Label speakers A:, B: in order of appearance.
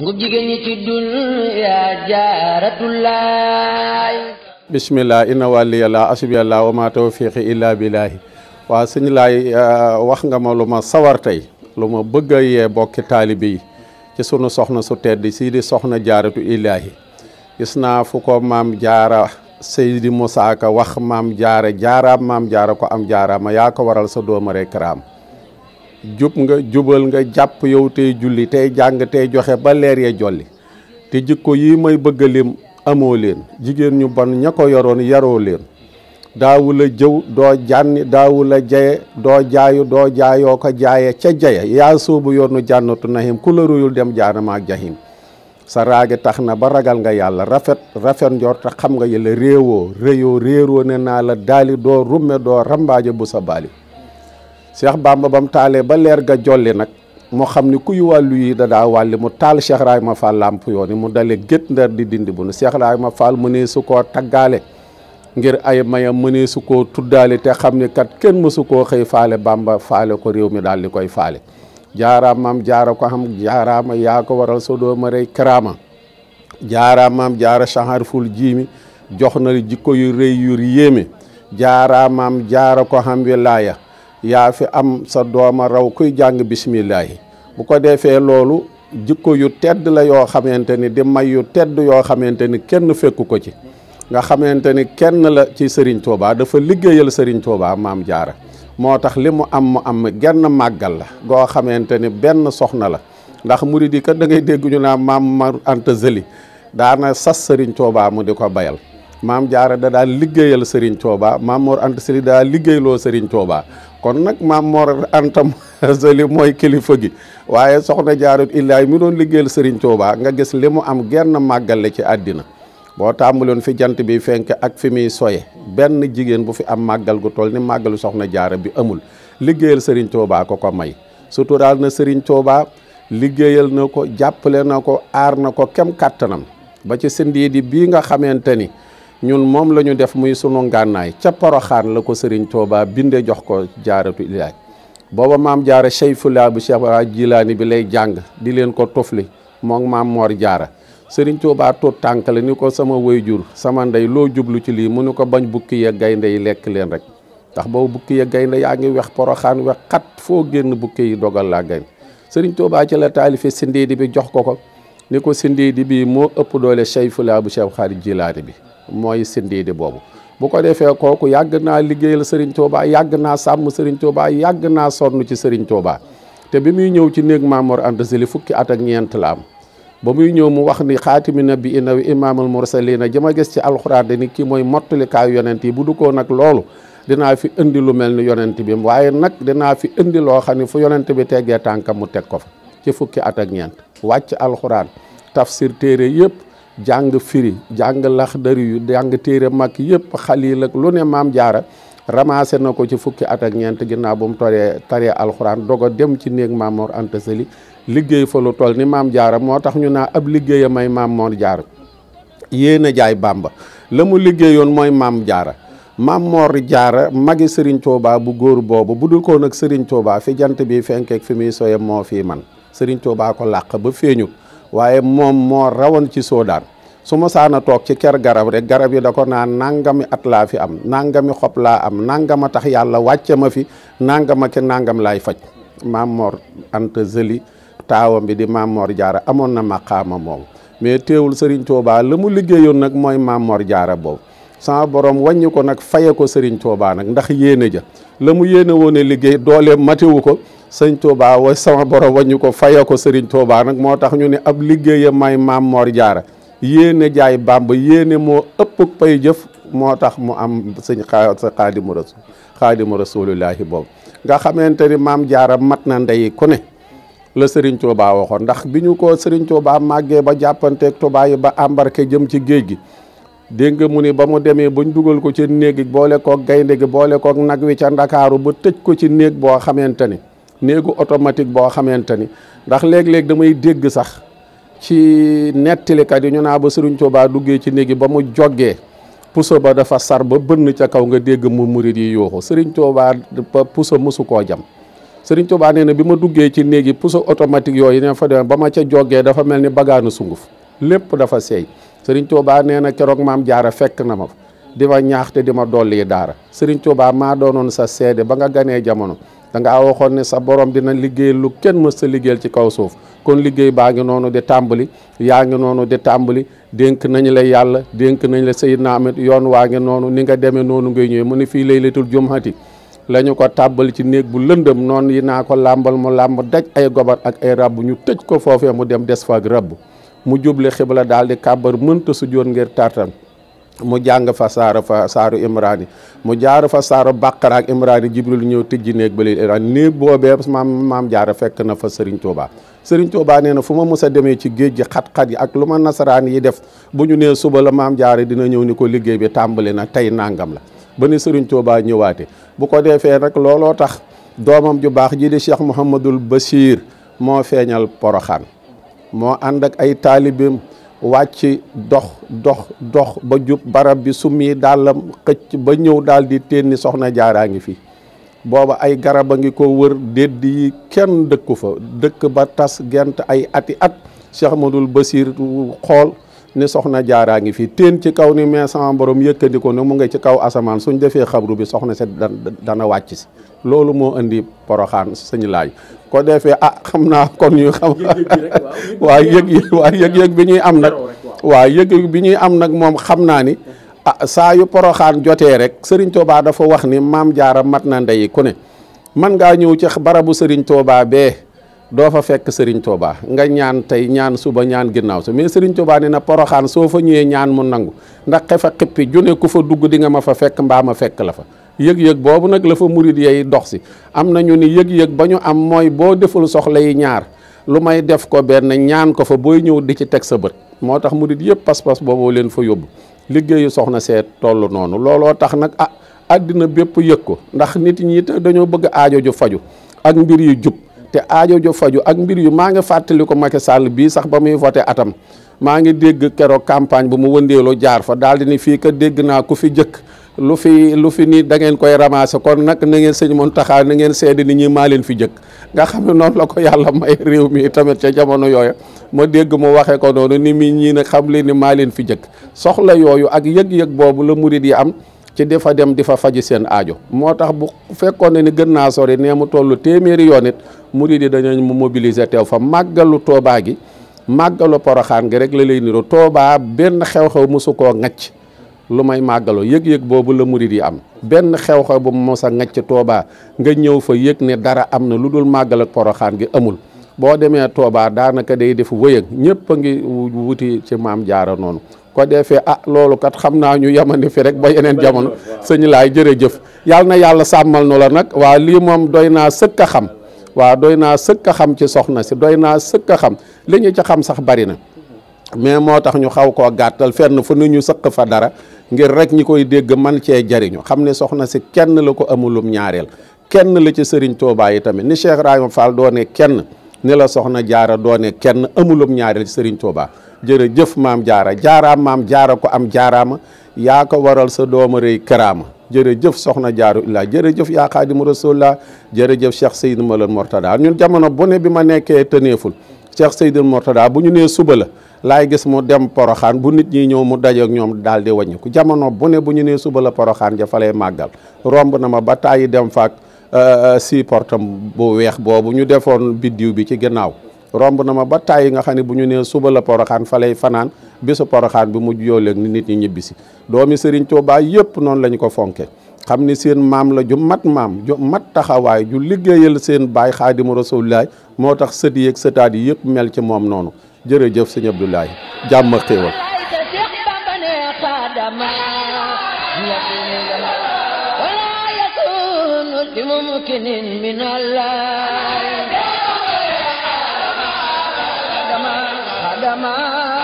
A: ngu jigéen ñi ci dunya jaaratullaay bismillah inna waliyallah asbiyallah wa ma tawfiqi illa billahi waa sëñ laay euh, wax nga ma lu ma sawar tey lu ma bëgg a yee bokki taalibe ci sunu soxna su tedd sii soxna jaaratu illaahi gis naa ko maam jaara Seydi Musaa wax maam jaara jaaraam maam jaara ko am jaaraama yaa ko waral sa dooma jub nga jubal nga jàpp yow tey julli tey jàng tey joxe ba leer ya jolli te jikko yi may bëgg a lim amoo leen jigéen ñu bon ña ko yoroon yaroo leen daawu la jëw doo jànni daawu la jaye doo jaayu doo jaayoo ko jaaye ca jaye yaa soobu yoonu jànnatu nahim ku dem jaanama ak jahim sa raagi tax na ba ragal nga yàlla rafet rafet njor te xam nga yàlla réewoo réyoo réeroo ne naa la daali doo rumme doo rambaaje bu sa baali Cheikh Bamba ba taalee ba leer ga jolli nag moo xam ni kuy wàllu yi da daa wàlli mu taal Cheikh Rahima Fall mu dale gét ndar di dindi bu nu Cheikh Rahima Fall mënee taggaale ngir ay mayam mënee su koo tuddaale te xam ni kat kenn mësu koo xëy faale Bamba faale ko réew mi daal di koy faale jaaraam maam jaara ko xam jaaraama yaa ko waral so doo ma rey karaama jaaraam maam jaara sahar ful jiimi jox na jikko yu rëy yu yéeme jaaraam maam jaara yaa fi am sa dooma raw kuy jàng bisimillahi bu ko defee loolu jikko yu tedd la yoo xamante ni di may yu tedd yoo xamante ni kenn fekku ko ci nga xamante ni kenn la ci Serigne Touba dafa liggéeyal Serigne Touba maam jaara moo tax li mu am mu am genn màggal la goo xamante ni benn soxna la ndax murid yi kat da ngay dégg naa maam Mor Anta Sali na sas Serigne Touba mu di ko bayal maam jaara da daan liggéeyal Serigne Touba maam Mor Anta Sali daa liggéeyloo Serigne Touba kon nag maam Mor Anta Sali mooy kilifa gi waaye soxna jaarut illaay mi doon liggéeyal Serigne Touba nga gis li mu am genn màggale ci àddina boo tàmbaloon fi jant bi fenk ak fi muy soye benn jigéen bu fi am màggal gu toll ni màggalu soxna jaara bi amul liggéeyal Serigne Touba ko ko may suturaal na Serigne Touba liggéeyal na ko jàppale na ko aar na ko kem kàttanam ba ci sëndiidi nga xamante ni ñun moom la ñu def muy sunu ngànnaay ca poroxaan la ko sëriñ Touba binde jox ko jaaratu ilaaj booba maam jaara cheyfula bu Cheikh Bara Jilaani bi lay jàng di leen ko tufli moom maam Mor jaara sëriñ Touba tuut tànk la ni ko sama waajur sama ndey loo jublu ci lii mu ne ko bañ bukki ya gaynde yi lekk leen rek ndax boobu bukki yee gaynde yaa ngi wex poroxaan wex xat foo génn bukki yi dogal laa gaynde sëriñ toobaa ci la taalife sindiidi bi jox ko ko ni ko sindiidi bi moo ëpp doole cheyfula bu Cheikh Bara Jilaani bi mooy sindiidi boobu bu ko defee kooku yàgg naa liggéeyal Serigne Touba yàgg naa sàmm Serigne Touba yàgg naa sonn ci Serigne Touba te bi muy ñëw ci néeg Mamor Anta Sali fukki at ak ñeent la am ba muy ñëw mu wax ni xaatimi nabi ina wi imaamul mursalina jëm a gis ci alxuraan ni kii mooy mottalikaay yonent yi bu du koo nag loolu dinaa fi indi lu mel ni yonent bi waaye nag dinaa fi indi loo xam ne fu yonent bi teggee tànkam mu teg ko fa ci fukki at ak ñeent wàcc alxuraan tafsir téere yëpp jàng firi jàng laxdari yu jàng téere mag yëpp xalil ak lu ne maam jaara ramassé na ko ci fukki at ak ñeent ginnaaw bu mu toree taree alxuraan dogo dem ci néeg Maam Mor Anta liggéey fa lu toll ni maam jaara moo tax ñu naa ab liggéeya may maam Mor jaara yéen a jaay bàmba la mu liggéeyoon mooy maam jaara maam Mor jaara magi Serigne Touba bu góor boobu bu dul ko nag Serigne Touba fi jant bi fenkeek fi muy soye moo fii man Serigne Touba ko làq ba feeñut waaye moom moo rawoon ci soodaan su ma saana toog ci ker garab rek garab yi da ko naan nangami at laa fi am nangami xob laa am nangama tax yàlla wàcce ma fi nangama ke nangam laay faj maam Mor Anta Sali taawam bi di maam Mor Jaara amoon na maqaama moom mais teewul Serigne baa la mu liggéeyoon nag mooy maam Jaara boobu. sama borom wàññi ko nag faye ko sëriñ Touba nag ndax yéene ja la mu yéene woone liggéey doole matewu ko sëñ Touba wa sama borom wàññi ko faye ko sëriñ Touba nag moo tax ñu ne ab liggéeya may maam Mor Jaara yéene jaay Bàmba yéene moo ëpp pay jëf moo tax mu am sëñ sa xaadimu rasul xaadimu rasulillahi boobu nga xamante ni maam Jaara mat na ndey ku ne la Serigne Touba waxoon ndax bi ñu ko Serigne Touba màggee ba jàppanteeg Touba ba embarqué jëm ci géej gi dégg nga mu ni ba mu demee ñu dugal ko ci néeg boole koog gaynde gi boole koog nag wi ca ndakaaru ba tëj ko ci néeg boo xamante ni néegu automatique boo xamante ni ndax léeg-léeg damay dégg sax ci nettalikat yi ñu naa ba Sëriñ Tuubaa duggee ci néeg yi ba mu joggee puso ba dafa sar ba bënn ca kaw nga dégg mu murit yi yooxu Sëriñ Tuubaa puso mësu koo jam Sëriñ Tuubaa nee na bi ma duggee ci néeg yi puso automatique yooyu ne fa demee ba ma ca joggee dafa mel ni bagaanu sunguf lépp dafa seey Serigne Touba nee na keroog maam jaara fekk na ma fa di ma ñaax te di ma dolli daara Serigne Touba maa doonoon sa seede ba nga ganee jamono danga waxoon ne sa borom dina liggéey lu kenn mës sa liggéeyal ci kaw suuf kon liggéey baa ngi noonu di tàmbali yaa ngi noonu di tàmbali dénk nañu la yàlla dénk nañ la Seydina Ahmed yoon waa ngi noonu ni nga demee noonu ngay ñëwee mu ne fii laylatul jumhati lañu ko tàbbal ci néeg bu lëndëm noonu yi naa ko làmbal mu làmb daj ay gobar ak ay rabb ñu tëj ko foofee mu dem des fa ak rabb mu juble xibla daal di kàbbar mënta su joon ngir tartan mu jàng fa saara fa saaru imraan mu jaar fa saaro bàqara ak imraan yi jibril ñëw tijji néeg ba léegi néeg boobee maam maam jaara fekk na fa Serigne Touba Serigne Touba nee na fu ma mës demee ci géej gi xat-xat yi ak lu ma nasaraan yi def bu ñu nee suba la maam jaara dina ñëw ni ko liggéey bi tàmbali na tey nàngam la ba ni Serigne Touba ñëwaate bu ko defee nag looloo tax doomam ju baax ji di Cheikh Mouhamadul Bachir moo feeñal Poroxaan moo ànd ak ay taalibeem wàcc dox dox dox ba jub barab bi summi dàllam xëcc ba ñëw daal di tenni soxna jaaraa ngi fi booba ay garab a ngi ko wër dédd yi kenn dëkku fa dëkk ba tas gent ay ati at Cheikh Ahmadul Basir xool ni soxna jaaraa ngi fi teen ci kaw ni mais sama borom yëkkandi ko ni mu nga ci kaw asamaan suñ defee xabru bi soxna set dana wàcc si loolu moo indi poroxaan sëñ laay ko defee a ah, xam naa kon ñu xam waaw yëg yëg-yëg bi ñuy am nag waaw bi ñuy am nag moom xam naa ni ah saa yu poroxaan jotee rek sëriñ Tuubaa dafa wax ni maam jaara mat na ndey ku ne man ngaa ñëw ci barabu sëriñ Tuubaa bee doo fa fekk Serigne Touba nga ñaan tey ñaan suba ñaan ginnaaw sa mais Serigne Touba na poroxaan soo fa ñëwee ñaan mu nangu ndax xe fa xippi june ku fa dugg dinga ma fa fekk mbaam a fekk la fa yëg-yëg boobu nag la fa murid yay dox si am na ñu ni yëg-yëg ba ñu am mooy boo deful soxla yi ñaar lu may def ko benn ñaan ko fa booy ñëw di ci teg sa bët moo tax murid yëpp pas-pas booboo leen fa yóbbu liggéeyu soxna seet toll noonu looloo tax nag ah àddina bépp yëg ko ndax nit ñi dañoo bëgg aajo ju faju ak mbir yu jub te aajo jo faju ak mbir yu maa ngi fàttali ko Macky Sall bii sax ba muy voté atam maa ngi dégg keroog campagne bu mu wëndeeloo jaar fa daal di ni fii ka dégg naa ko fi jëkk lu fi lu fi nii da ngeen koy ramasser kon nag na ngeen sëñ taxaar na ngeen seede ni ñi maa leen fi jëkk nga xam ne noonu la ko yàlla may réew mi tamit ca jamono yooyu ma dégg mu waxee ko noonu ni mii ñii nag xam leen ni maa leen fi jëkk soxla yooyu ak yëg-yëg boobu la murit yi am ci di fa di fa faji seen aajo moo tax bu fekkoon ne ni gën naa sori nee mu toll téeméeri yoon it murid yi dañu mu mobiliser teew fa màggalu toobaa gi màggalu poroxaan gi rek la lay niro toobaa benn xew-xew mosu koo ŋacc lu may màggaloo yëg-yëg boobu la murid yi am benn xew-xew bu mos a ŋacc toobaa nga ñëw fa yëg ne dara am na lu dul màggal poroxaan gi amul boo demee toobaa daanaka day def wëyëg ñëpp a ngi wuti ci maam jaara noonu ko defee ah loolu kat xam naa ñu yamandi fi rek ba yeneen jamono sëñ laay jërëjëf yal na yàlla sàmmal nu la nag waa lii moom doy naa sëkk a xam waa doy naa sëkk a xam ci soxna si doy naa sëkk a xam li ñu ci xam sax bari na mais moo tax ñu xaw ko gàttal fenn fu nu ñu sëq fa dara ngir rek ñi koy dégg man cee jariñu xam ne soxna si kenn la ko amulum ñaareel kenn la ci sëriñ Touba yi tamit ni Cheikh Rahima kenn ni la soxna jaaro doone kenn amulum ñaareel sëriñ Tuuba jëf maam jaara jaaraam maam jaara ko am jaaraama yaa ko waral sa dooma rëy karaama jëf soxna jaaru illaa jërëjëf yaa xaadimu rasulillah jërëjëf Cheikh Seydou Malal Mortada ñun jamono bu bi ma nekkee tëneeful Cheikh Seydou Mortada bu ñu nee suba la laay gis mu dem poroxaan bu nit ñi ñëw mu dajeek ñoom daal di wàññiku jamono bu ne bu ñu nee suba la poroxaan ja fa lay màggal romb na ma ba tàyyi dem faak Euh, euh, si portam bu weex boobu ñu defoon biddiw bi ci ginnaaw romb na ma ba tàyyi nga xam ne bu ñu nee suba la poroxaan fa lay fanaan bisu poroxaan bi mujj yoo léeg nit ñi ñibbisi doomi Serigne Touba yépp noonu lañu ko fonke xam ni seen maam la ju mat maam ju mat taxawaay ju liggéeyal seen baay xaadimu rasulilaay moo tax sët yeeg sëtaat yëpp mel ci moom noonu jërëjëf sëñ Abdoulaye jàmm ak xéewal لممكن من الله خدما خدما